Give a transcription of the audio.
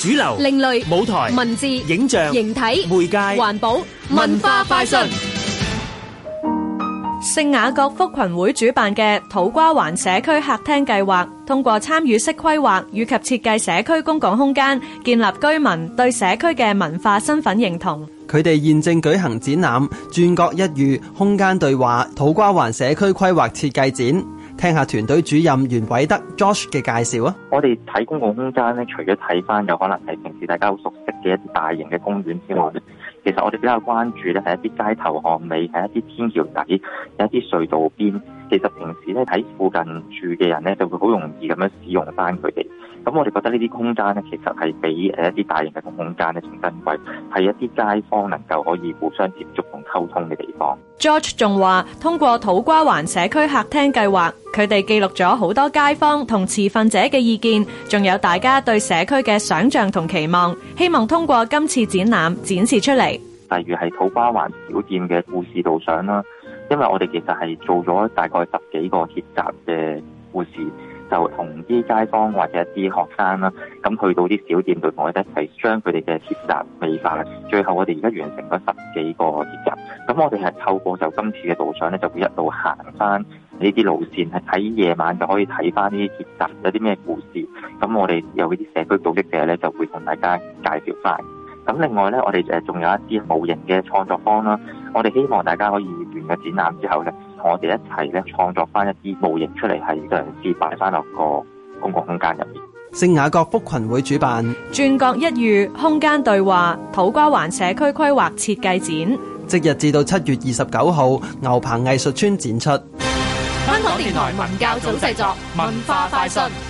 主流、另類舞台、文字、影像、形體、媒介、環保、文化快訊。聖雅各福群會主辦嘅土瓜灣社區客廳計劃，通過參與式規劃以及設計社區公共空間，建立居民對社區嘅文化身份認同。佢哋現正舉行展覽《轉角一遇：空間對話土瓜灣社區規劃設計展》。聽下團隊主任袁偉德 Josh 嘅介紹啊！我哋睇公共空間咧，除咗睇翻有可能係平時大家好熟悉嘅一啲大型嘅公園之外，咧其實我哋比較關注咧係一啲街頭巷尾、係一啲天橋底、有一啲隧道邊。其實平時咧喺附近住嘅人咧就會好容易咁樣使用翻佢哋。咁我哋覺得呢啲空間咧，其實係比誒一啲大型嘅空間咧仲珍貴，係一啲街坊能夠可以互相接觸同溝通嘅地方。George 仲話，通過土瓜灣社區客廳計劃，佢哋記錄咗好多街坊同持份者嘅意見，仲有大家對社區嘅想象同期望，希望通過今次展覽展示出嚟。例如係土瓜灣小店嘅故事導賞啦，因為我哋其實係做咗大概十幾個鐵閘嘅。故事就同啲街坊或者啲學生啦，咁去到啲小店度，我哋一齊將佢哋嘅鐵閘美化。最後我哋而家完成咗十幾個鐵閘，咁我哋係透過就今次嘅導賞咧，就會一路行翻呢啲路線，喺夜晚就可以睇翻呢啲鐵閘有啲咩故事。咁我哋有啲社區組織者咧，就會同大家介紹翻。咁另外咧，我哋誒仲有一啲模型嘅創作坊啦，我哋希望大家可以完個展覽之後咧，同我哋一齊咧創作翻一啲模型出嚟，係嘅人士擺翻落個公共空間入面。聖雅各福群會主辦，轉角一遇空間對話土瓜灣社區規劃設計展，即日至到七月二十九號，牛棚藝術村展出。香港電台文教組製作，文化快訊。